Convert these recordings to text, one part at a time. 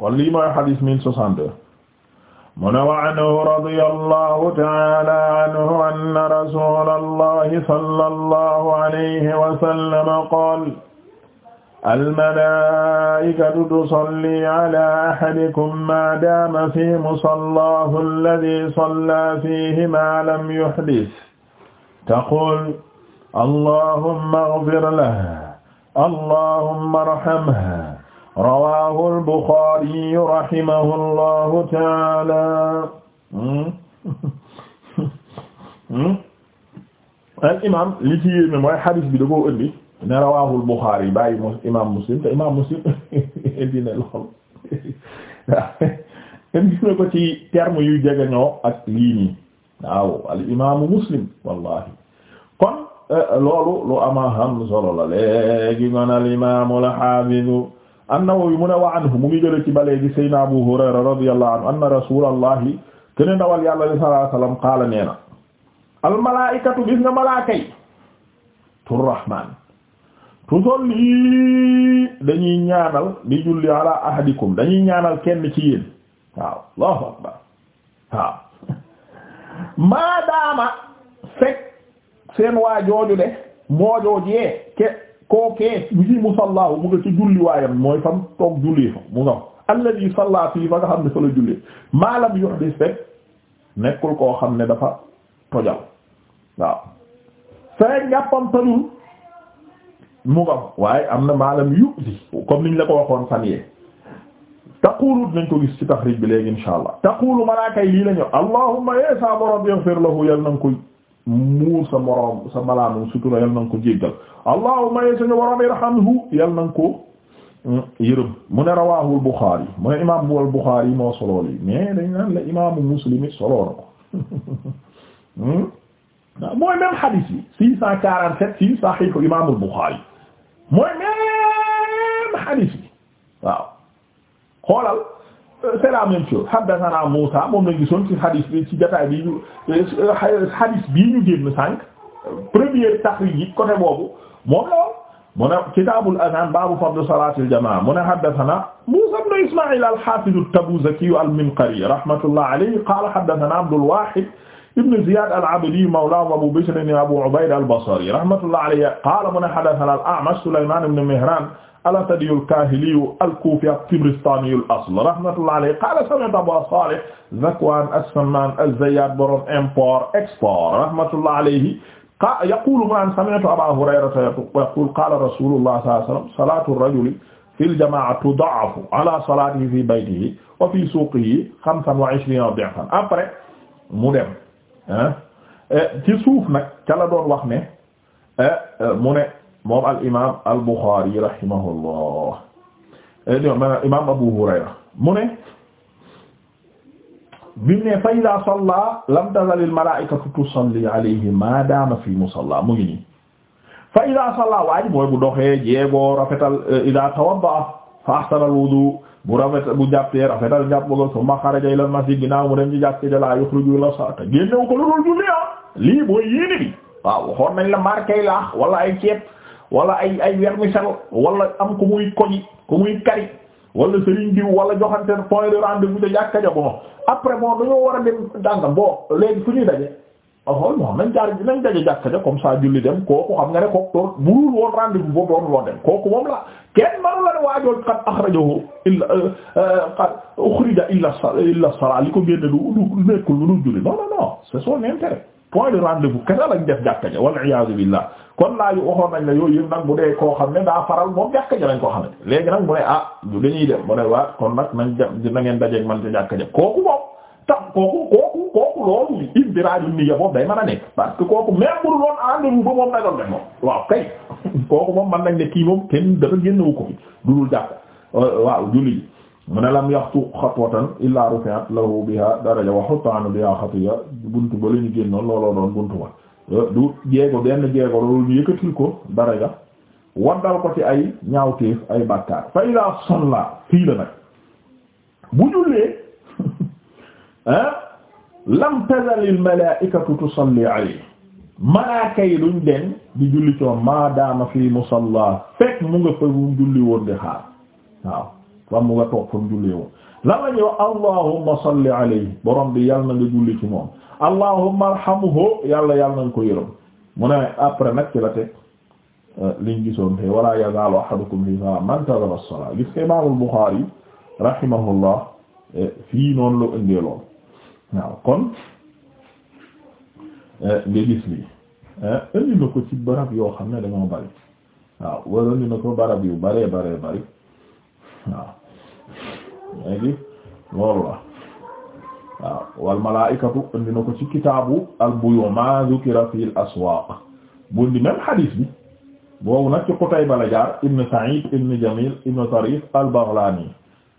kon lii mooy xadis mille soixante-deux mu ne wa anhu radiyallahu ta'ala anhu anna rasulallahi sallallahu alayhi wa sallam qaala almalaa'ikatu tusalli ala ahadikum ma daama fi musallahu alladhi salla fihi ma lam yuhdis taqul allahumma ighfir lahu allahumma arhamhu rawaahu al-Buxaari rahimahullahu taala al imaam li ci yéeme mooy xadiis bi da koo ne rawaahu al-Buxaari bàyyi Muslim te imaam Muslim indi na lool indi na ko ci terme yu jege ñoo ak lii nii waaw al imaamu eh, al imaamul an-Nawawi mu ne wa anhu mu ngi jële ci balee gi Seydina Abu Hurayra radiyallahu anhu anna rasulallahi kene ndawal yàlla sallallahu alayhi wasallam qaala nee na almalaikatu gis nga malaaka yi turrahman tusalli dañuy ñaanal di julli ala ahadikum dañuy ñaanal kenn ci yéen waaw allahu akbar waaw maadaama fekk seen waajooju de moojoojee ke kookee bi ci musallaahu mu nga ci julliwaayam mooy fam toog julli fa mu nga alladi salla fii fa nga xam ne fa la jullee maalam yuhdis rek nekkul koo xam ne dafa tojal waaw fere njàppam tojul mu nga waaye am na maalam yu'di comme niñ la ko waxoon fan yee taqulu nañ ko gis ci taxrij bi léegi insha allah taqulu malaaka yi lii lañu allahumma yeesa borom yaghfir lahu yal na nga koy muur sa moroom sa malaanu sutura yal na nga ko jéggal allahumma ye suñu waroom irhamhu yal na nga ko mm, yërëm mu ne rawaahul Buxaari al Buxaari moo solo li mais dañ la imaamu Muslim solo na ko mm? mooy même hadith yi six cent quarante sept ci sahihu imaamul Buxaari mooy même c'est la même chose haddathana Muusa moom lañ gisoon ci hadith bi ci jotaay bi ñu hadith bii ñu génn sànq première taxriij yi côté boobu moom la mu ne kitaabul adaan baabu fadl salaatil jamaa mu ne haddathana Muusa ibn Ismaa'il al-Haafiz at-Tabuuzaki al-Minqari rahmatullah alayhi qaala haddathana Abdul Waahid ibn Ziyaad al-Abdi mawlaahum Abu Bishr ibn Abu Ubayd al-Basri rahmatullah alayhi qaala mu ne haddathana al-A'mash Sulaymaan ibn Mihraan al-Asadi al-Kahili al-Kufi at-Tabaristani al-asl rahmatullahi alayhi qala sami'tu Aba Salih Zakwan as-Samman az-Zayyat borom import export rahmatullahi alayhi yaqulu man sami'tu Aba Hurayrata yaqulu qala rasulullah sallallahu alayhi wa sallam salatu ar-rajuli fi al-jama'a tuda'afu ala salatihi fi baytihi wa fi suqihi xamsan wa ishrina di'fan après mu dem ah, eh, ci suuf nag ca la doon wax ne eh, eh, mu ne moom al imaam al Buxaari rahimahullah eh, imaam Abu Hurayra mu ne bi mu ne fa idaa salla lam tazalil malaa'ikatu tusalli alayhi maa daama fi musalla mu ngi nii fa idaa salla waaji mooy bu doxee jeego rafetal eh, idaa tawadda'a fa ahsana al wudu bu rafet bu jàppee rafetal jàpp ko summa xaraja ilal masjid ginnaaw mu dem ci jàkkee ja laa yuxriju illa salaata génnewu ko lu dul julli ah, lii mooy yéene bi waaw xool nañ la marqué laax wala ay ceeb wala ay ay vermicelle wala am ku muy koñi ko muy kari wala sëriñ diw wala joxante point de rendez-vous ca jàkka ja bon après bon dañoo war a dem dàngam bon léegi fu ñuy daje ahool oh, oh, mo nañ jaar nañ daje jàkka ja comme ça julli dem kooku xam nga ne ko doon burul woon rendez-vous boobu doon loo dem kooku moom la kenn manu la ne waajool qad akhrajahu illa euh, euh, qad ukhrija illa illa sala li ko génne du du nekkul lu dul julli non non non c'est son intérêt point de rendez-vous kese lañ def jàkka ja wal iyaazu billah kon laa yu waxoon nañ la yooyu yëpp nag bu dee koo xam ne daa faral moom jàkka ja lañ ko xamante léegi nag mu ne ah dañuy dem mu ne waa kon nag nañ ja na ngeen dajeeg man ca jàkka ja kooku moom tax kooku kooku kooku loolu indiraaju niyya boobu day mën a nekk parce que kooku même bu doon rendez-vous ba moom nagoon ne moom waaw kay kooku moom mën nañ ne kii moom kenn dafa génnewu ko fi dudul jàkk euh, waaw julli mu ne lam yaxtu xatwatan illa rufi'at lahu biha daraja wa xutaanu biha xatiya buntu ba la ñu génnoon looloo doon buntu ba du jeego benn jeego loolu ñu yëkkatil ko daraja waddal ko ci ay ñaawteef ay bàkkaar fa ila salla fii la nag bu jullee ah lam tazal al malaa'ikatu tusalli alayhi malaaka duñ den di julli maadaama fii musalla fekk mu nga fa mu julli woon di xaar waaw fam mu nga toog fa woon la ma ñëw allahumma salli alayhi borom bi yàlla na nga julli yàlla yàlla na ko yërëm mu ne après nag ci la teg euh, liñ gisoon te wala yazaalu ahadukum fi ma mantazara as-salaa gis ko imaamul Buxaari rahimahullah euh, fii noonu la ëndee lool kon euh, nga gis lii indi na ko barab yoo xam ne dañoo bari waaw war indi na ko barab yu baree baree bari waaw léegi loolu la waaw wal malaa'ikatu indi na ko ci kitaabu al buyu' ma dhukira fil aswaaq bu indi même hadith bi boobu nag ci Qutayba la jaar ibn Sa'id ibn Jamil ibn Tarif al-Baghlani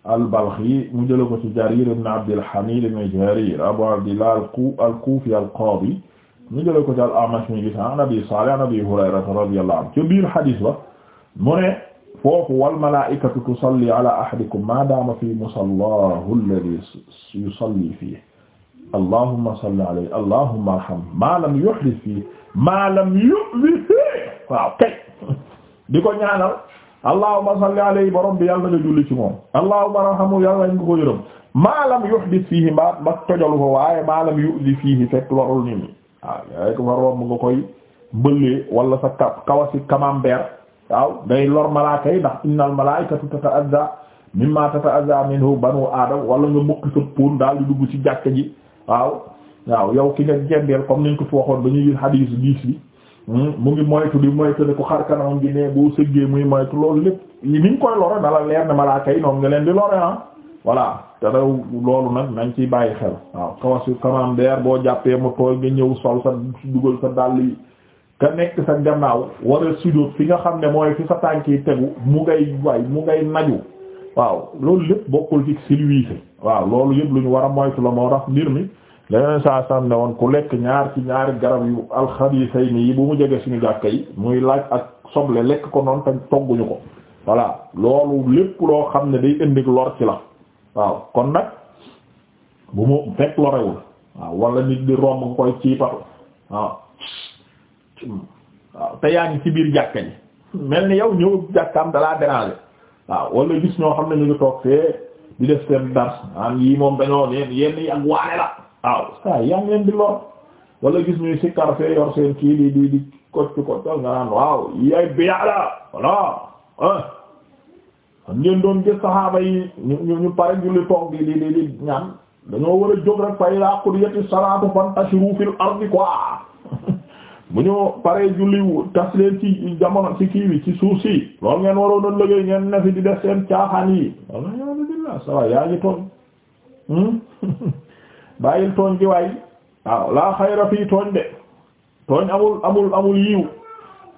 al-Balkhi mu jële ko ci Jarir ibn Abdil Hamid ibn Jarir Abu Abdillah al-Kufi al-Qadi mu jële ko ci al-A'mash mi gis an Abi Salih an Abi Hurayra radiyallahu anhu ci biir hadith ba mu ne foofu wal malaa'ikatu tusalli ala ahadikum ma dama fi musallahu alladhi yusalli fihi allahumma salli alayhi allahumma arham ma lam yuhdith fihi ma lam yu'dhi waaw kay di ko ñaanal allahumma salli alayhi borom bi yàlla nga julli ci moom allahumma arhamu yàlla nga ko yërëm ma lam yuhdith fihi ma ma tojalu ko waaye ma lam yu'dhi fihi fekk warul nit ñi waaw yaay ko fa romb nga koy bëlee wala sa kaw si camembert waaw day lor malaaka yi ndax innal malaa'ikatu tata'adha mimma tata'adha minhu banu aadam wala nga mukk sa pon daal di dugg ci jàkka ji waaw waaw yow ki nga jendeel comme niñ ko fi waxoon ba ñuy xadiis diis bi hmm, mu ngi moytu di moytu ne ko xar kanamam gi ne boo sëggee muy moytu loolu lépp ni ñu koy lore na la leer ne malaaka yi noonu nga leen di lore ah voilà te daw loolu nag nañ ciy bàyyi xel waaw kawasu camambeer boo jàppee mu tooy nga ñëw sol sa dugal sa dàll yi ka nekk sa gannaaw war a sujjóot fi nga xam ne mooy fi sa tànk yi tegu mu ngay waay mu ngay naju waaw loolu lépp bokkul ci silwiise waaw loolu yëpp lu ñu war a moytu la moo tax mbir mi leneen saa sam woon ku lekk ñaar ci ñaari garab yu alxabisay yi bu mu jege suñu jàkka yi muy laaj ak soble lekk ko noonu te togguñu ko voilà loolu lépp loo xam ne day indi lor ci la waaw kon nag bu mu fekk lorewul waaw wala nit di romb nga koy ciiparu waaw waaw te yaa ngi ci biir jàkka ji mel ni yow ñëw jàkkaam dalaa déranger waaw wala gis ñoo xam ne ñu ngi toog fee di def seen dars am yii moom dañoo yenn yenn yi ak waane la waaw yaa di lor wala gis ñuy kii di di di kocc koccal ah. ngeen doon gis saxaaba yi ñu ñu ñu pare julli toog di di di ñaan dañoo war a jóg rek fay laa qudiyati salaatu fantashiru fil ardi bu ñu paree julli tas leen ci jamono ci kii bi ci suuf si loolu ngeen waroon a liggéey ngeen ne fi di def seen caaxaan yi walla yalibila sawa yaa ngi tooñ hmm? bàyyil tooñ gi waay waaw laa xayra fii tooñ de tooñ amul amul amul yiw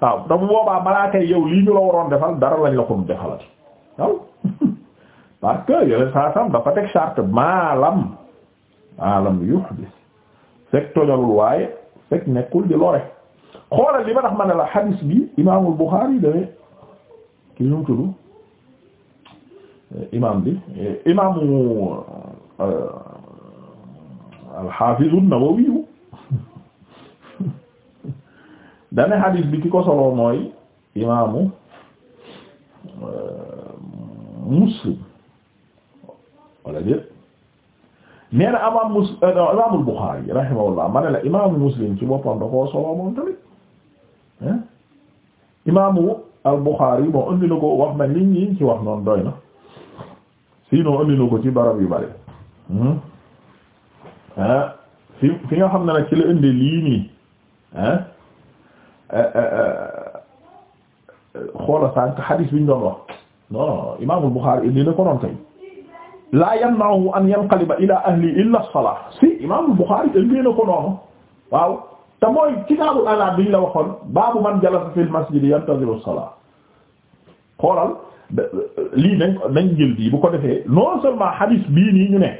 waaw te bu boobaa malaaka yow lii ñu la waroon defal dara lañ la ko defalati waaw parce que yeneen saa dafa teg charte maalam maalam yuhdis fekk toñalul waaye fekk nekkul di lore xoolal li ma tax ma ne la hadis bi imaamul Buxaari dane ki ñu tudd eh, imaam bi eh, imaamu eh, al-Haafizu Nawawi dane hadis bi ki ko solo mooy imaamu Muslim wala déet nee na imaam Muslim imaamul Buxaari rahimahullah ma ne la imaamu Muslim ci boppam da solo moom imaamu al-Bukhari bon indi na wax na nit ñi ci wax noonu doy na sinon indi na ko ci barab yu bari ah fi fi nga xam ne nag ci la indi lii nii ah xoola sànq xadiis bi ñu doon wax non imaamul Buxaari indi na ko noonu kay laa yamna'uhu an yanqaliba ila ahli illa as-salaah si imaamul Buxaari indi na ko noonu waaw. te mooy kitaabul adaan bi ñu la waxoon baabu man jalasa fil masjid yantaziru salaa xoolal lii nañ nañ jël bii bu ko defee non seulement xadis bii nii ñu nekk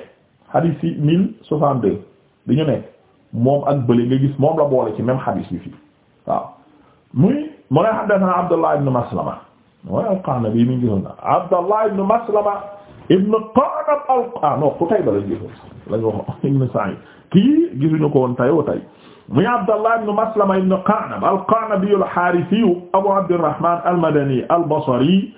xadis yi mille soixante deux bi ñu nekk moom ak bële nga gis moom la boole ci même xadis bi fii waaw muy mu ne haddathana Abdullah ibn Maslama mooy al-Qanabi mi ngi gisoon na Abdullah ibn Maslama ibn Qanab al ah non ku tay ba lañ gisoon lañ waxoon ibn Sa'id kii gisuñu ko woon tay wa tay muy Abdallah ibn Maslama ibn Qa'nab al-Qa'nabi al-Harisi Abu Abdirrahman al-Madani al-Basri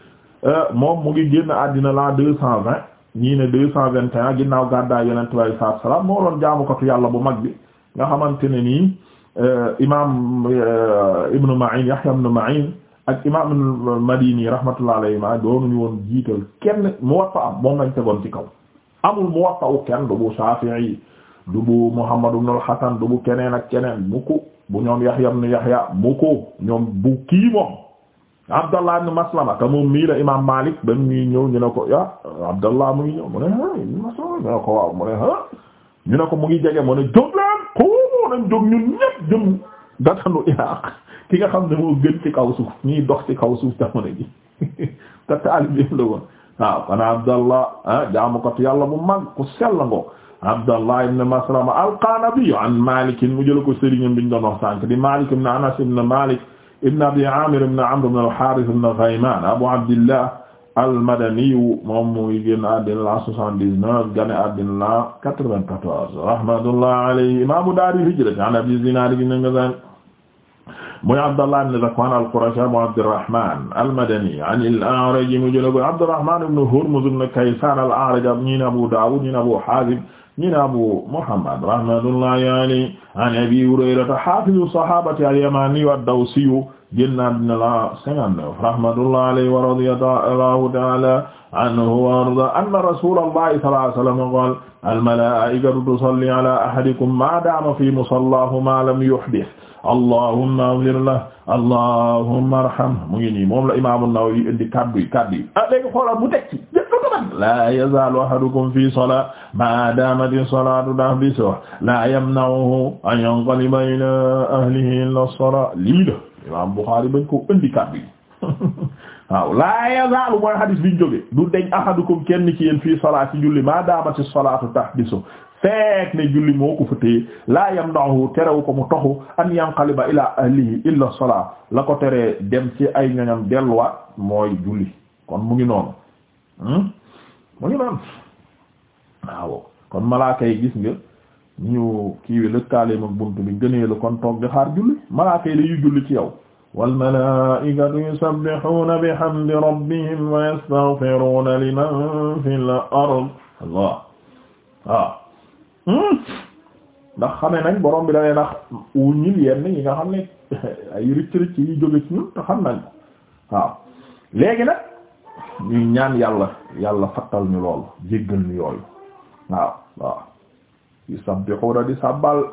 euh, moom mu ngi génn àddina la deux cent vingt ñii ne deux cent vingt et un ginnaaw gàddaay Yonent bi alayhi salaatu wa salaam moo doon jaamukatu yàlla bu mag bi nga xamante ne nii euh, imaam euh, Ibn Ma'in Yahya ibn Ma'in ak imaam al-Madini rahmatullahi alayhi ma doonuñu woon jiital kenn Muwatta am moom lañ tegoon ci kaw amul Muwatta kenn du bu Shafi'i du bu Muhammad ibn al-Hasan keneen ak keneen mukku bu ñoom Yahya ibn Yahya mukku ñoom bu kii moom Abdallah ibn Maslama te moom mii la imaam Malik ba muy ñëw ñu ne ko ah Abdallah mu ngi ñëw mu ne ah ko mu ne ah ñu ne ko mu ngi jege mu ne jóg leen xoo nañ jóg ñun ñëpp jëm gatanu Iraq ki nga xam ne moo gën ci kaw suuf ñuy dox ci kaw suuf jamono ji te taalib la woon waaw kana Abdallah ah jaamukatu yàlla bu mag ku sell ngoo Abdallah ibn Maslama al-Qanabi an Malik mu jël ko sëriñam bi ñu doon wax sànq di Malik ibn Anas ibn Malik ibn Abi Amir ibn Amr ibn al-Harith ibn Ghayman Abu Abdillah al-Madani moom muy génn àddina la 79 gane àddina la 94 rahmatullah alayhi imaamu daari hijra an Abi Zinad gi nga zan muy Abdallah ibn Zakwan al-Qurashi Abu Abdirrahman al-Madani an al-A'raj mu jël ko Abdirrahman ibn Hurmuz ibn Kaysan al-A'raj ñi Abu Dawud ñi Abu Hazim ñi na Abu Muhammad rahmatullahi alayhi an Abi Hurayrata hafizu sahabati al-yamani wa ad-dawsi génnaat na la 59 rahmatullahi alayhi wa radiyallahu ta'ala anhu wa arda anna rasulallahi sallallahu alayhi wa sallam qala al-mala'ikatu tusalli ala ahadikum ma dama fi musallahu ma lam yuhdith allahumma ighfir lahu allahumma arhamhu mu ngi nii moom la imam an-Nawawi indi kaddu yi kaddu yi ah léegi xoolal bu teg ci abadan la yazalu ahadukum fi salat ma damati salatu dahbisuh la yamna'uhu an yanqaliba ila ahlihi illa as-salat lii la imam Bukhari bañ ko indi kat bi waaw la yazalu mooy hadis biñ jóge du deñ ahadukum kenn ci yéen fii salat ci julli ma damati salatu tahbisuh fekk ne julli moo ko fëtee laa yam nahu terewu ko mu toxu an yanqaliba ila ahlihi illa salaa la ko teree dem ci ay ñoñam delluwaat mooy julli kon mu ngi noonu Hmm? mu ngi noonu waaw kon malaaka gis nga ñu kii lëkkaaleem ak bunt bi gënee la kon toog di xaar julli malaaka yi dañuy julli ci yaw wal malaa'ikatu yusabbihuna bihamdi rabbihim wa yastaghfiruna liman fil ard allah waaw hmm? ndax xamee nañ borom bi da ndax wu ñil yenn yi nga xam ne ay rëcc rëcc yi jóge ci ñun te xam nañ waaw léegi nag ñuy ñaan yàlla yàlla fattal ñu loolu jéggal ñu yooyu waaw waaw di sabbixuuna di sabbal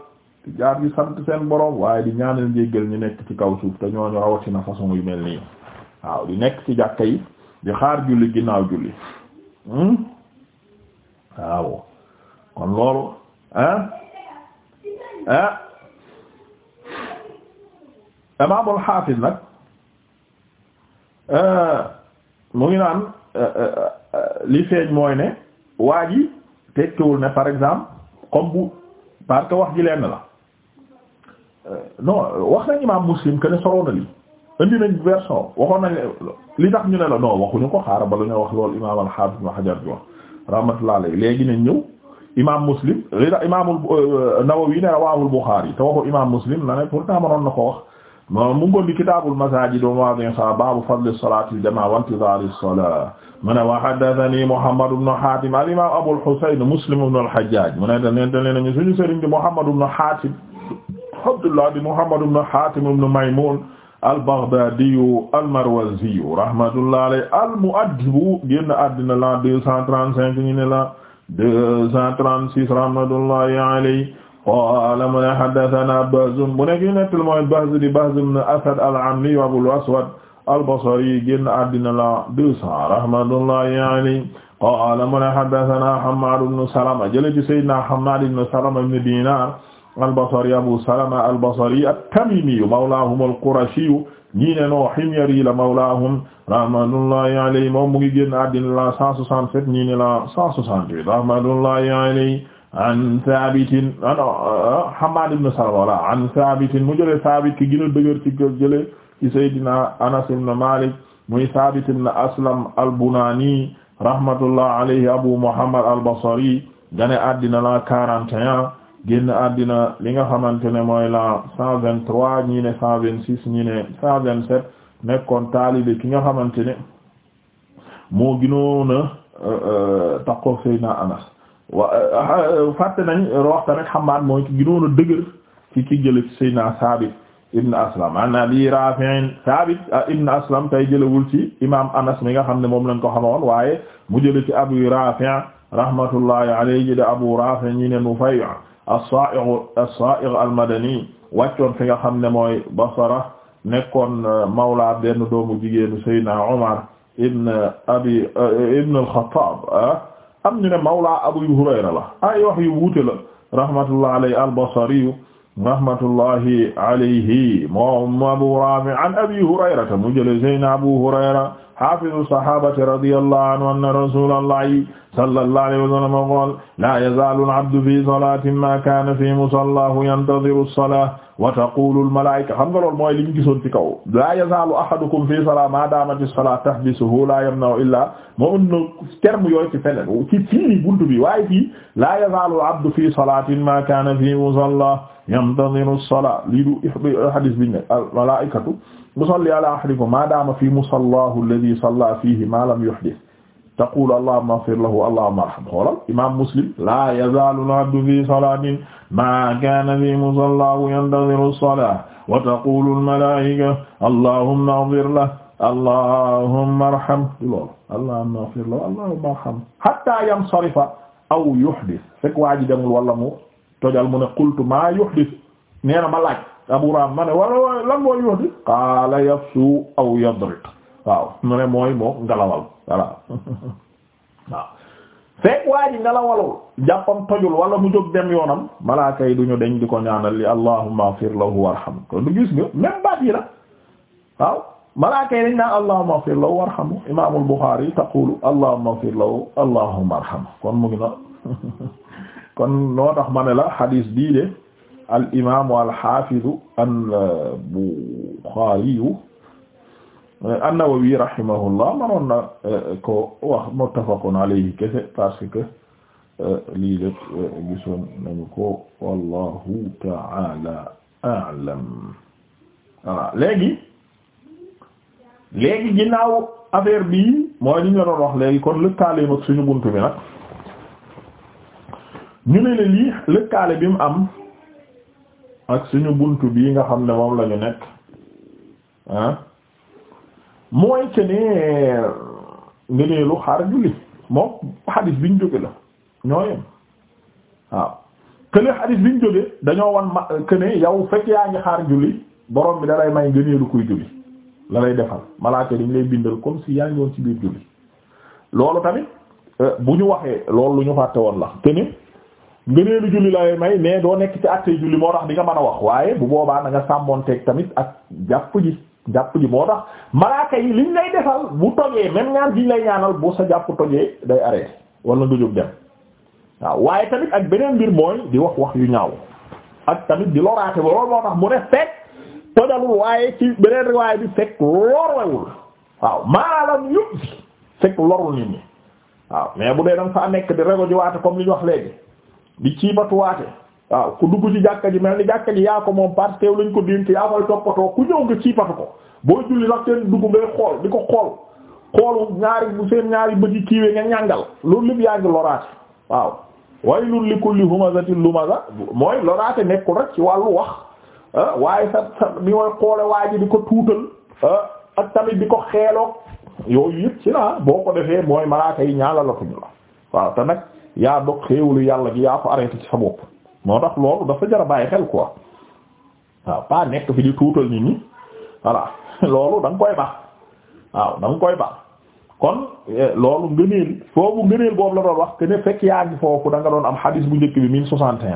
di jaar di sant seen borom waaye di ñaanal jéggal ñu nekk ci kaw suuf te ñooñu rawatina façon yu mel nii waaw di nekk ci jàkka yi di xaar julli ginnaaw julli hmm? waaw kon loolu ah ah imaamul xaafis nag euh, mu ngi naan euh, euh, euh, li feeñ mooy ne waa ji tekkiwul ne par exemple comme bu parce que wax ji lenn la non wax nañ imaam muslim que ne soloo na lii indi nañ version waxoon nañ li tax ñu ne la non waxuñu ko xaaral ba lu ñoo wax loolu imaam al-Hafiz Ibn Hajar bi wax rahmatullah léegi nañ ñëw imaam muslim li tax imaamul Nawawi ne rawaahul Bukhari te waxu imaam muslim na ne pourtant mënoon na ko wax mo mu ngondi kitaabul masaajid wa mawaadi'i salaat baabu fadli salaati al-jamaa'a wa intizaari as-salaat mu ne wa haddathanii Muhammad ibn Haatim al-imaam Abul Husayn Muslim ibn al-Hajjaaj mu ne nettali nañu suñu sëriñ bi Muhammad ibn Haatim Abdullah ibn Muhammad ibn Haatim ibn Maymuun al-Baghdaadiyu al-Marwaziyu rahmatullahi alayhi al-mu'addibu génn àddina la 235 ñu ne la 236 rahmatullahi alayhi qaala mu ne haddathana Bahzum bu nekk yu nettal mooy Bahz di Bahz ibn Asad al-Ammi Abul Aswad al-Basri génn àddina la deux cents rahmatullahi alayhi qaala mu ne haddathana Hammad ibn Salama jële ci Sayyidina Hammad ibn Salama ibn Dinar al-Basri Abu Salama al-Basri at-Tamimi mawlahum al-Qurashi ñi ne noo Himyari la mawlahum rahmatullahi alayhi moom mu ngi génn àddina la cent soixante-sept ñi ne la cent soixante-huit rahmatullahi alayhi an Saabitin ah, ah, Hammaad ibn Salama wala an Saabitin mu jëlee Saabit ki gën a dëgër ci jëlee ci Seydina Anas ibn Maalik muy Saabit ibn Aslam al-Bunaani rahmatullah alayhi Abu Muhammad al-Basri gane addina la 41 génn addina li nga xamante ne mooy la 123 ñii ne 126 ñii ne 127 nekkoon taalibe ki nga xamante ne moo gënoon a euh, euh, Seydina Anas wa ah, fàtte nañ wax tamit Hammaad mooy ki gënoon a dëgër ci ki jële ci Seydina Saabit ibn Aslam an Abi Raafi' Saabit ah, ibn Aslam tay jëlewul ci imaam Anas mi nga xam ne moom lañ ko xamoon waaye mu jële ci Abi Raafi' rahmatullahi alayhi da Abu Raafi' ñi ne Nufay' as-Saa'igh as-Saa'igh al-Madani wàccoon fi nga xam ne mooy Basra nekkoon ah, mawla benn doomu jigéenu Seydina Umar ibn Abi ibn al-Khattab am ñu ne mawla Abu Hurayra la ay wax yu wuute la rahmatullahi alayhi al-Basri rahmatullahi alayhi moom Abu Rafi' an Abi Hurayrata mu jële Seydina Abu Hurayra hafizu sahabati radiyallahu anhu anna rasulallahi sallallahu alayhi wa sallam qala la yazalu al-abdu fi salatin ma kana fi musallahu yantadhiru as-salata wa taqulu al-mala'ika xam nga loolu mooy li ñu gisoon ci kaw la yazalu ahadukum fi salatin ma damat as-salatu tahbisuhu la yamna'u illa moo ënd na terme yooyu ci feneen ci fii buntu bi waaye fii la yazalu al-abdu fi salatin ma kana fi musallahu yantadhiru as-salata lii du hadith bi ne al-mala'ikatu musalli ala ahadikum ma dama fi musallahu alladhi salla fihi ma lam yuhdith taqulu allahumma ighfir lahu allahumma arhamhu xoolal imam muslim la yazalu al-abdu fi salatin ma kana fi musallahu yantadhiru as-salah wa taqulu al-malaika allahumma ighfir lahu allahumma arhamhu loolu allahumma ighfir lahu allahumma arhamhu hatta yansarifa aw yuhdith fekk waa ji demul wala mu tojal mu ne qultu ma yuhdith nee na ma laaj Abu Raam ma ne wala lan mooy yoon yafsu aw yadriq waaw mu ne mooy moo ngalawal voilà waaw fekk waa ji tojul wala mu jóg dem yoonam malaaka yi du ñu deñ di ko ñaanal li allahumma ighfir lahu warhamhu kon du gis nga même baat yi la waaw malaaka yi dañ naan allahumma ighfir lahu warhamhu imaamul taqulu allahumma ighfir lahu allahumma arhamhu kon mu kon noo tax ma la hadis bii al imaamu al xaafidu an Buxaariyu an-Nawawi rahimahullah manoon na eh, ko wax muttafaqun alayhi kese parce que eh, lii lépp eh, gisoon nañu ko wallahu ta'ala a'lam voilà léegi léegi ginnaaw affaire bi mooy li ñu doon wax léegi kon lëkkaaleem ak suñu buntu bi nag ñu ne la lii lëkkaale bi mu am ak suñu buntu bii nga xam ne moom lañu ñu nekk ah mooy que ne xaar julli moom xadis biñ jóge la ñoo yem waaw que ne xadis biñ jóge dañoo wan ma que ne yow fekk yaa ngi xaar julli borom bi dalay may ngëneelu kuy julli la lay defal malaaka dañ lay bindal comme si yaa ngi woon ci biir julli loolu tamit euh, bu ñu waxee loolu lu ñu fàtte woon la te ngëneelu julli lay may mais doo nekk ci àttee julli moo tax di nga mën a wax waaye bu boobaa na nga sàmmonteeg tamit ak jàpp ji jàpp ji moo tax malaaka yi liñ lay defal bu tojee même ñaan biñ lay ñaanal bu sa jàpp tojee day arrêté wala nga jóg dem waaw waaye tamit ak beneen mbir mooy di wax wax yu ñaaw ak tamit di loraate ba loolu moo tax mu ne fekk tojalul waaye ci beneen waaye bi fekk lorwewul waaw maalam yëpp fekk lorul nit ñi waaw bu dee danga fa nekk di rego ji comme li ñu wax léegi di ciibatuwaate waaw ku dugg ci jàkka ji mel ni jàkka ji yaa ko moom parce lañ ko dénk yaa koy toppatoo ku ñëw nga ciibatu ko boo julli nag seen dugg ngay xool di ko xool xoolu ñaari bu seen ñaari bëgg kiiwee nga ñàngal loolu lépp yaa ngi loraate waaw waylul li kulli humazatin lumaza mooy loraate nekkul rek ci wàllu wax ah, waaye sa sa mi mooy xoole waa ji di ko tuutal ah, ak tamit di ko xeeloo yooyu yëpp ci la boo ko defee mooy malaaka yi la yaa dog xéewalu yàlla bi yaa ko arrêté ci sa bopp moo tax loolu dafa jar a bàyyi xel quoi waaw pas nekk fi di tuutal nit ñi voilà loolu da koy baax waaw da koy baax kon eh, loolu ngëneel foofu ngëneel boobu la doon wax que ne fekk yaa ngi foofu da doon am xadiis bu njëkk bi mille soixante et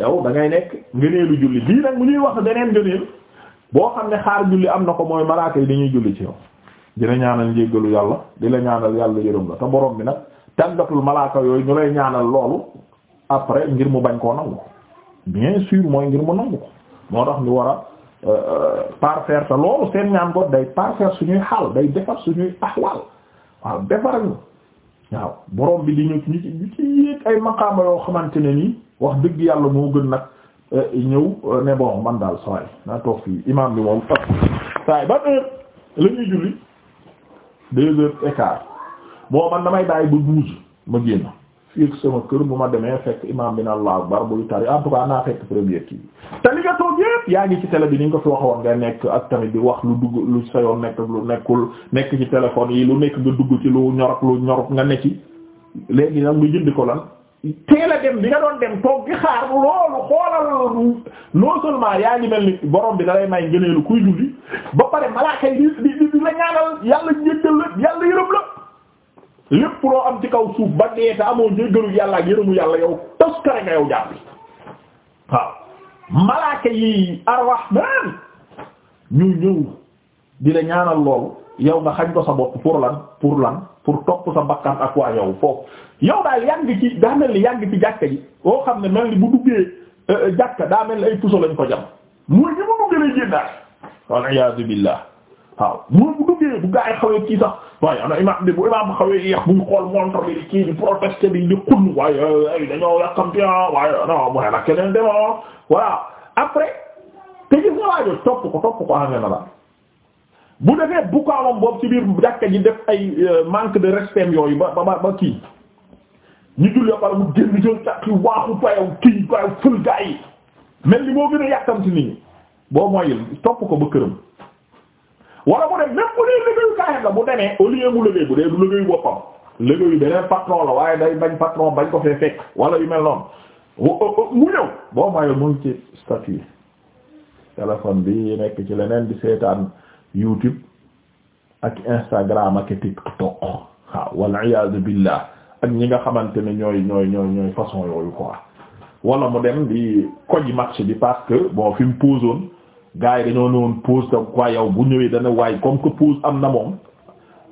un yow da ngay nekk ngëneelu julli bii nag mu ñuy wax beneen ngëneel boo xam ne xaar julli am na ko mooy malaaka yi dañuy julli ci yow dina ñaanal njéggalu yàlla di la ñaanal yàlla yërëm la te borom bi nag tàggatul malaaka yooyu ñu lay ñaanal loolu après ngir mu bañ koo nangu bien sûr mooy ngir mu nangu ko moo tax ni war a euh, euh, parfaire loolu seen ñaan ko day parfaire suñuy xaal day defar suñuy axwaal waaw defar ñu waaw borom bi di ñu ñu ci ñu ci ay maqaama yoo xamante ne nii wax dëgg yàlla moo gën nag euh, ñëw ne man daal saa yi naa toog fii imaam bi moom saa yi ba heure la julli deux heures écart. boo man damay bàyyi ba douze ma génn fii sama kër bu ma demee fekk imam bi na Allahu akbar buy tari en naa fekk première kii te li nga toog yépp yaa ngi ci tele bi ni nga ko fi waxoon nga nekk ak tamit di wax lu dugg lu sa yoon nekk lu nekkul nekk ci téléphone yi lu nekk nga dugg ci lu ñor ak lu ñorut nga ne léegi nag nga jënd ko lan teel dem bi nga doon dem toog di xaar loolu xoolal loolu non seulement yaa ngi mel ni borom bi da lay may ngëneelu kuy julli lépp loo am ci kaw suuf ba dee te amoo njëggalu yàlla ak yërëmu yàlla yaw tos kare nga yow jàpp waaw malaaka yi arrahman ñu ñëw di la ñaanal loolu yow nga xañ ko sa bopp pour lan pour lan pour topp sa bakkan ak waa yow foofu yow daal yàgg ci daa mel ni yàgg ci jàkka ji boo xam ne mel ni bu duggee euh, jàkka daa mel ni ay puso lañ ko jam muy ñu mu duggee lay génnaat wal iyaazu billah waaw moom bu duggee bu gaa yi xawee kii sax waaye ana imaam bu imaam xawee bu ñu xool montre bi di kii di protester bi di xunn waaye ay dañoo yàkkamti ah waaye non mu ne ah ko topp ko la bu defee bukaawam boobu ci biir jàkka ji def ay euh, manque de respect yooyu ba ba ba kii ñu julli par mu génn jël càq waaxu payaw kii payaw fël gaa yi mel ni moo gën a yàkkamti nit ñi boo moyil topp ko ba këram wala mu dem même bu dee liggéeyukaayam la bu demee au lieu mu liggéey bu dee du liggéeyu boppam liggéeyu beneen patron la waaye day bañ patron bañ ko fee fekk wala yu mel noonu mu euh, euh, ñëw boo mayoo mu ci statut téléphone bi nekk ci leneen di seetaan YouTube ak Instagram ak TikTok waaw wal iyaadu billah ak ñi nga xamante ne ñooy ñooy ñooy ñooy façon yooyu quoi wala mu dem di koji match bi parce que bon posoon gars yi dañoo ñëwoon pause bu ñëwee dana waay comme que pause am na moom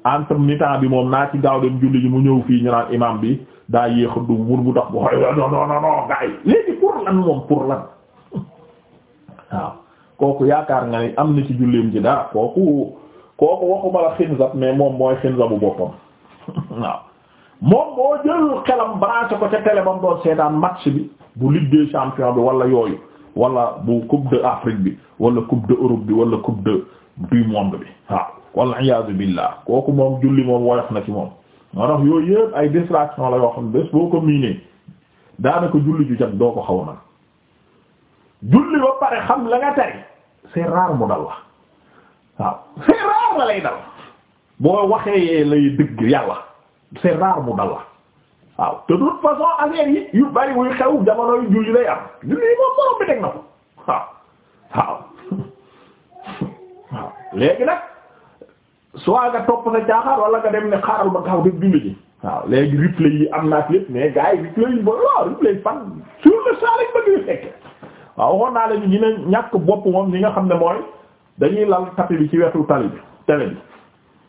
entre mi bi moom naa ci gaaw dem julli ji mu ñëw fii ñu naan imam bi daa yéex a dugg mun bu tax bu xoolee non léegi pour lan moom pour lan waaw kooku yaakaar nga ni am na ci julleem ci dara kooku kooku waxuma la xinzab mais moom mooy xinzabu boppam waaw moom moo jël xelam branché ko ca télé ba doon seetaan match bi bu Ligue des bi wala yooyu wala bu Coupe d'Afrique bi wala coupe de Europe bi wala coupe de du monde bi waaw wal iyaazu billah kooku moom julli moom woyof na ci moom moo boo ko daanaka julli ju jag doo ko xaw na julli ba pare xam la nga tari c'est rare mu dal la waaw c'est la lay dal boo waxee lay dëgg yàlla c'est mu dal la waaw te de façon affaire yi yu bari xew jamono yu julli day am julli moom borom bi teg na ko waaw léegi nag soit nga topp sa caaxaar wala nga dem ne xaaral ba gaaw def julli ji waaw léegi replay yi am naak lépp mais gars yi replay yi ba waaw replay fan sur le champ lañ bëgg fekke waaw waxoon naa lañu ñàkk bopp moom ñi nga xam ne mooy dañuy lal tapis bi ci wetu tali bi tele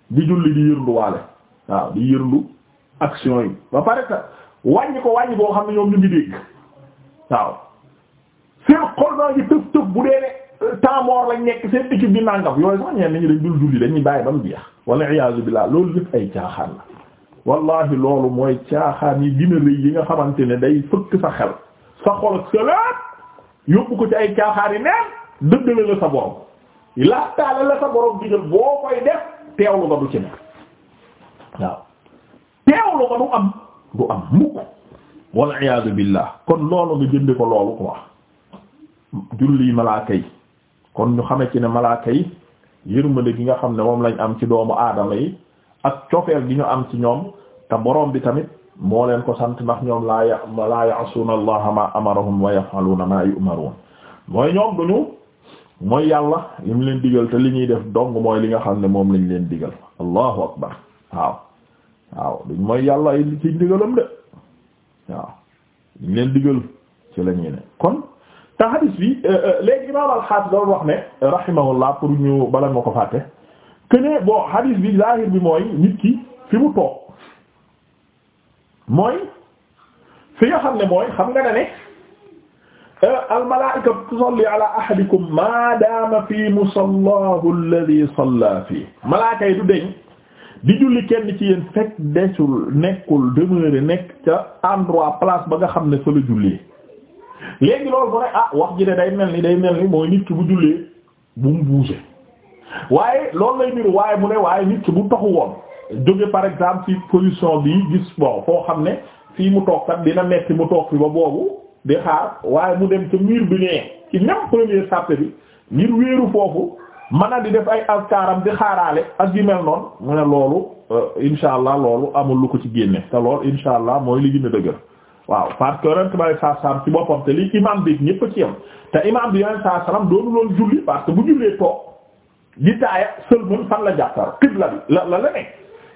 bi di julli di yërndu waale waaw di yërndu action yi ba pare ta wàññi ko wàññi boo xam ne ñoom ñu ngi dégg waaw seen xol naa ngi bu dee ne temps mort lañ nekk seen équipe di nangam yooyu sax ñeen nañu dañ dul julli dañuy bàyyi ba mu jeex wala iyaazu billah loolu lépp ay caaxaan la wallahi loolu mooy caaxaan yi dina rëy yi nga xamante ne day fëkk sa xel sa xol sa lépp yóbbu ko ci ay caaxaan yi neen dëggale la sa borom laxtaale la sa borom digal boo koy def teewlu nga du ci nekk waaw teewlu nga du am du am mukk wal iyaazu billah kon loolu nga jënd ko loolu quoi julli malaaka yi kon ñu xame ci ne malaaka yi yërmande gi nga xam ne moom lañ am ci doomu aadama yi ak cofeel gi ñu am ci ñoom te borom bi tamit moo leen ko sant ndax ñoom laa ya laa ya'suuna allaha ma amarahum wa yaf'aluuna ma yu'maruun mooy ñoom duñu mooy yàlla li mu leen digal te li ñuy def dong mooy li nga xam ne moom lañ leen digal allahu akbar waaw waaw mooy yàlla yi ci digalam de waaw liñ leen digal ci la ne kon te hadis bi euh, euh, léegi imaam al-Hafiz doon wax ne rahimahullah pour ñu bala ko fàtte que ne bon hadis bi zahir bi mooy nit ki fi mu toog mooy fi nga xam ne mooy xam nga ne ne euh, al-malaa'ika tusalli ala ahadikum ma daama fi musallahu alladhi salla fi malaaka yi du deñ di julli kenn ci yéen fekk desul nekkul demeure nekk ca endroit place ba nga xam ne fa la jullee léegi loolu bu ne ah wax ji de day mel ni day mel ni mooy nit ki bu jullee bu mu bouger waaye loolu lay niru waaye mu ne waaye nit ki bu toxu woon jóge par exemple ci position bi gis bon foo xam ne fii mu toog kat dina metti mu toog ba boobu di xaar waaye mu dem miir bi nee ci même ngir wéeru foofu mën a di def ay askaaram di xaaraale ak yu mel noonu mu ne loolu euh, insha allah loolu amul lu ko ci génne te loolu insha allah mooy li gën a dëgër waaw parce que yonent bi saa salaam ci boppam te li imam bi ñëpp a ci te imam bi yonent salaam doonu loon julli parce que bu jullee toog di taaya sëlman fan la jàppar xibla bi la la la nekk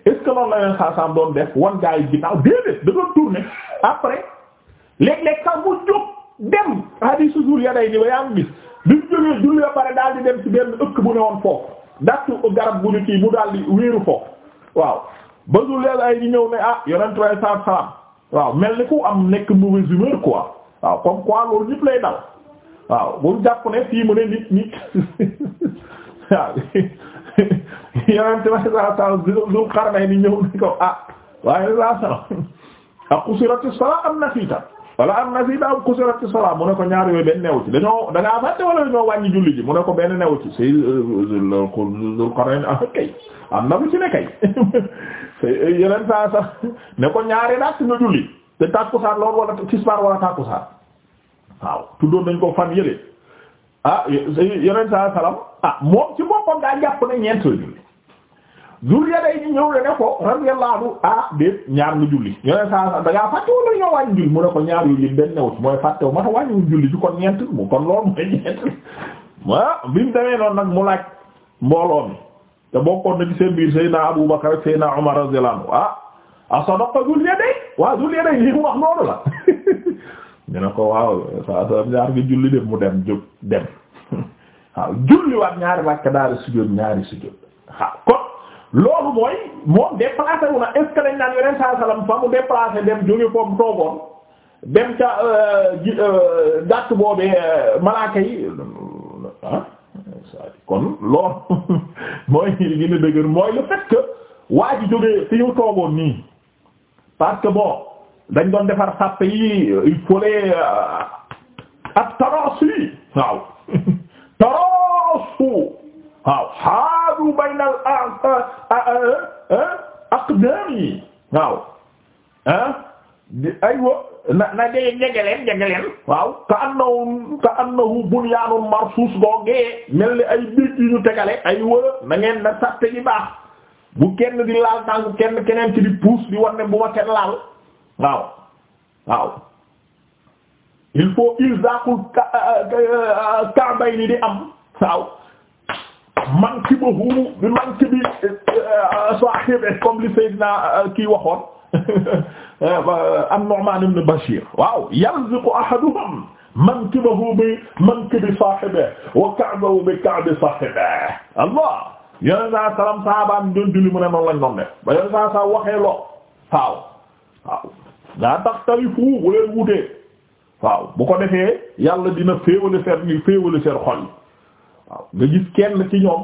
est ce que loolu la yonent saa salaam doon def wan gaa yi ginnaaw da doon tourner après léeg-léeg sax mu jóg dem hadiisu Zul Yadayni ba yaa ngi gis bi mu julli ba pare daal di dem ci benn ëkk bu ne woon foofu dattu garab bu ñu kii mu daal di wéeru foofu ba Zul Yadayni ñëw ne ah waaw mel ni ko am nekk mauvaise humeur quoi waaw comme quoi loolu ñëpp lay dal waaw bu jàpp ne fii mu ne nit nit waaw yeneen ci ma saa saa Zul Qarnayni ñëw ni ko ah waaye laa sara ak usirati sala am na fii tam wala am na si daaw kusirat salaa mu ne ko ñaar yooyu benn new ci dañoo da ngaa fàtte wala dañoo julli ji mu ne ko benn new ci si Zul euh, euh, Qarnayn ah kay am na lu ci ne kay euh, yeneen saa sax ne ko ñaari naat nga julli te tàkkusaan loolu wala tisbaar wala tàkkusaan waaw tuddoon nañ ko fan yële ah yeneen saa salaam ah moom ci boppam daa jàpp ne ñeent julli Zul Yaday ñu ñëw ne ko radiyallahu ah déet ñaar nga julli yeneen saa saa da ngaa fàtte wala ñoo wàññi julli mu ne ko ñaar yu yëpp benn newut mooy fàtte wu ma ta wàññiwul julli ju kon ñeent mu kon loolu mooy ñeent ah bi mu demee noonu nag mu laaj mbooloo mi te bokkoon na ci seen biir Seydina Abu Bakar ak Seydina Umar radiyallahu ah asadaqa Zul Yaday waaw Zul Yaday li mu wax noonu la ñu ne ko waaw saa saa ñaar nga julli dem mu dem jóg dem waaw julliwaat ñaari rakka daal di sujjóot ñaari sujjóot loolu mooy moom déplacé wu na est-ce que dañ naan fa mu déplacé dem jóge foofu toogoon dem ca gàtt euh, euh, boobee euh, malaaka yi ah kon loolu mooy li gën a dëgër mooy le fait que waa fi ñu toogoon nii parce que bon dañ doon defar sàppe yi il ak taroos yi waaw taroos waaw haadu baynal aqdaam yi waaw ah di aywa na na jege jegeleen jegeleen waaw ka annahu ka annahu bunyaanun marsuus googee mel ni ay biig yu ñu tegale ay wala na ngeen na sàtte gi baax bu kenn di laal tànku kenn keneen ci di puus di war ne bu ma kenn laal waaw waaw il faut ilzaqul euh, euh, euh, ka'bayni di am waaw mankibahu bi mankibi euh, sahibi comme li Seydina euh, kii waxoon an-Nu'man ibn Bashir waaw yalziqu ahaduhum mankibahu bi mankibi sahibihi wa ka'bahu bi ka'bi sahibihi Allah yoneen saa salaam saabaam doon julli mu ne noonu lañ doon def ba yoneen saa saa waxee loo waaw waaw daa tax tari fu bu leen wutee waaw bu ko defee yàlla dina féewale seen féewale seen xol waaw nga gis kenn ci ñoom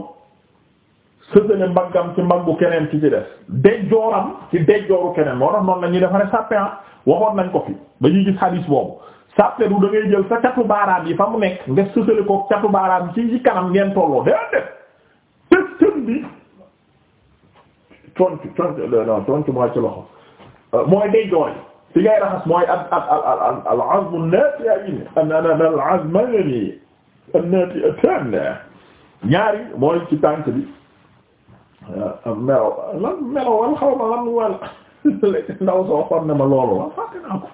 sësale mbaggam ci mbaggu keneen ci ci des dejjooram ci dejjooru keneen moo tax noonu la ñuy defaree sàppe ah waxoon nañ ko fi ba ñuy gis hadis boobu sàppe du da jël sa catu yi fa mu nekk nga sësale ko catu baaraam ci ci kanam ngeen tolloo day def tës tën bi tontu tontu mooy ci loxo mooy dejjoor yi fi ngay raxas mooy al al al al al azmu nafi'i an an al azmani annaati ñaari mooy ci tànk bi ah, melo lan melo wal xaw ma lan wala ndaw soo xon ne ma loolu la fàtte naa ko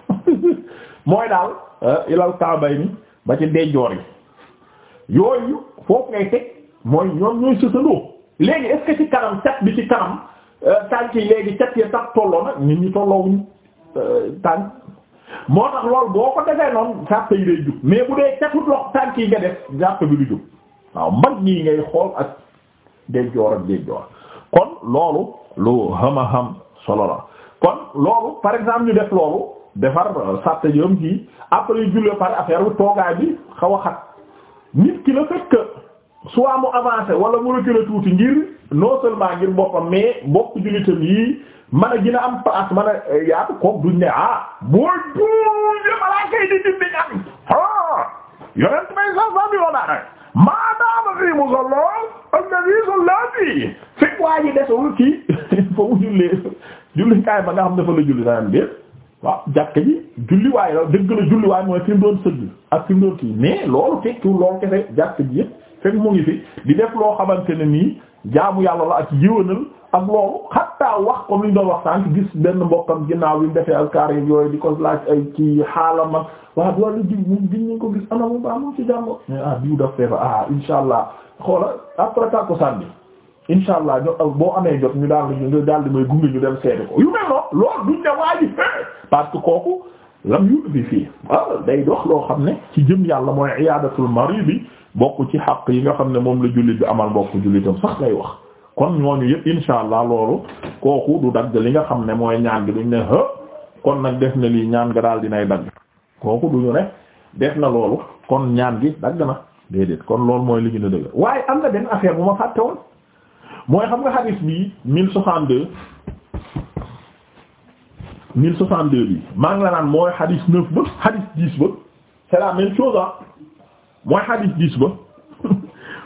mooy daal ah, ilal kaabay ni ba ci dejoor yi yooyu foofu ngay teg mooy ñoom ñooy sësandoo léegi est ci kanam cat bi ci kanam ah, tànk yi léegi cat ya tax tolloo nag nit ñi tolloo wuñ tànk moo tax loolu boo ko defee noonu jàpp yi day jub mais bu dee catut lox tànk yi nga def jàpp bi du jub waaw mbagg yi ngay xool ak day ak day joor kon loolu lu hama ham solo la kon loolu par exemple ñu def loolu defar sàtt jëm kii après julli par affaire bu toogaay bi xaw a xat nit ki la fekk soit mu avancé wala mu reculer tuuti ngir non seulement ngir boppam mais bokk jullitam yii man a gina am place man a eh, yaatu koog duñ ne ah booy tuuje balaa kay di dindi ñam ah yonent may sax sax bi woon naa rek maanaam fii mu sol lool am na fii sol laa fii fekk waa ji desul kii fa mu jullee julli kaay ba nga xam ne fa la julli daan biir waaw jàkka ji julli waaye la dëgg la julli waaye mooy fi mu ji fekk mu ngi fi di def loo xamante ne nii jaamu yàlla la ak yëwënal ak loolu xattaa wax comme li ñu wax wax sànq gis benn mbokkam ginnaaw bi mu defee yooyu di ko laaj ay ci xaalam ak waa doole jiw ñun ah, biñ ah, ñu ko allah xoola après incha allah ñu boo amee jot ñu daal di daal di may gunge ñu dem seeti ko yu mel noonu loolu duñ ne waa ji kooku lam yu bi fii waaw ah, day dox loo xam ne ci jëm yàlla mooy iyaadatul marid bi. bokk ci xaq yi nga xam ne moom la jullit bi amal bokk jullitam sax lay wax kon ñooñu yëpp insha allah loolu kooku du dagg li nga xam ne mooy ñaan gi duñ ne hë kon nag def na lii ñaan nga daal dinay dagg kooku duñu ne def na loolu kon ñaan bi dagg na déedéet kon loolu mooy li gën dëgg waaye am na benn affaire bu ma fàtte woon mooy xam nga hadith bi mille soixante-deux mille soixante-deux bi maa ngi naan mooy hadith neuf ba hadith dix ba c'est mooy xadis dix ba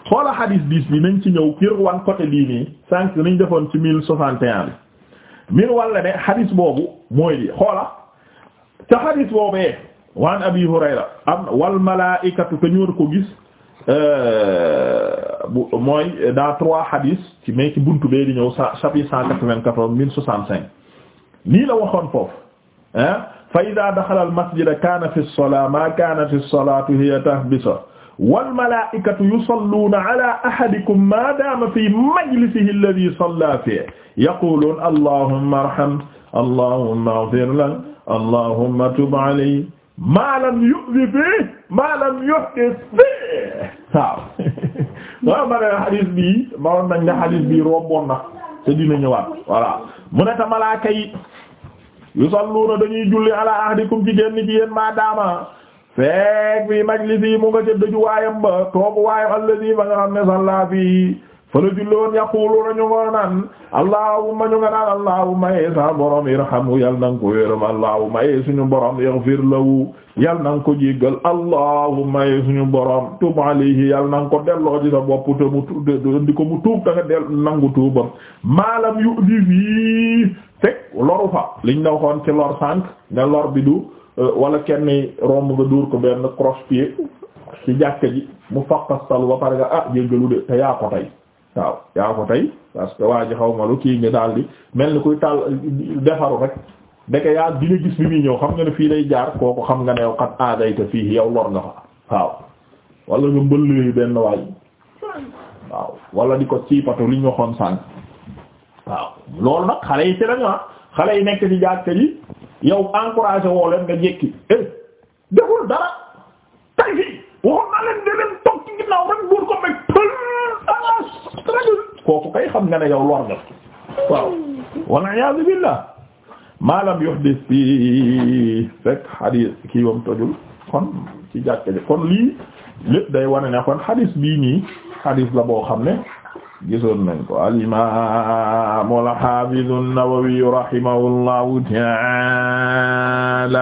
xoola xadis dix bi nañ ci ñëw kir wan côté lii nii sànq nañ defoon ci mille soixante et un bi min walla ne xadis boobu mooy li xoola ca xadis boobee waan abi hurayra am wal malaikatu te ñu war ko gis euh, bu mooy dans trois hadis ci mais ci buntu bee di ñëw sa chapitre cent quatre-vingt-quatorze mille soixante-cinq nii la waxoon foofu hein fa ida daxala almasjida kaana fi lsolaa maa kanat lsolatu hiya tahbisa walmalaikatu yusalluuna ala ahadikum ma dama fi majlisihi alladi salla fihi yaquluun allahumma arham allahumma ighfir lahu allahumma tub alayhi ma lam yu'zi fihi ma lam yuhdis fihi waaw waaw ma ne xadis bii mawoon nañ ne xadis bii romboon na te dina ñëwaat voilà mu ne ta malaaka yi yusalluuna dañuy julli ala ahdikum ci génn ci yéen maa daama fekk bi majlisi mu nga ca dëjuwaayam ba toogu waayam allazi ba nga xam ne salla fii fa la julloon a ñu nga naan allahumma ñu nga naan allahumma yee sa borom irhamu yal na ko yërëm allahumma yee suñu borom yaghfir lahu yal na ko jéggal allahumma yee suñu borom tub alayhi yal na ko delloo ci sa bopp te mu di ta nga del nangu tuubam maalam yu di fii teg loru fa liñ la waxoon ci lor sànq nga lor bi du euh, wala kenn romb nga dóor ko benn croche ci jàkka ji mu faqastal ba pare nga ah jéggalu de te yaa ko tey waaw yaa ko tey parce que waa ji xaw ma lu kii nga daal mel ni kuy taal defaru rek ndeke yaa dina gis bi muy ñëw xam nga ne fii lay jaar kooku xam nga ne yow xat aadayta fii yow lor nga fa waaw wala nga mbëlléeyu benn waay waaw wala di ko ciipatu liñ waxoon sànq waaw loolu nag xale yi ci lañu ah xale yi nekk ci jàkka yi yow encouragé woo leen nga jékki eh dara tay fi waxoon naa leen de leen toog ci ginnaaw ah kooku kay xam nga ne yow lor nga waaw walla iyaazu billaah maalam yuhdis bi fekk xadiis kii yom tojul kon ci jàkka ji kon lii lépp day wane ne kon xadiis bii nii xadiis la boo xam ne gisoon nañ ko al-imaam al-haafiz an-Nawawi rahimahullahu ta'ala